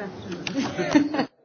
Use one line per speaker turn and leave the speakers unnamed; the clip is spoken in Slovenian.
Gracias.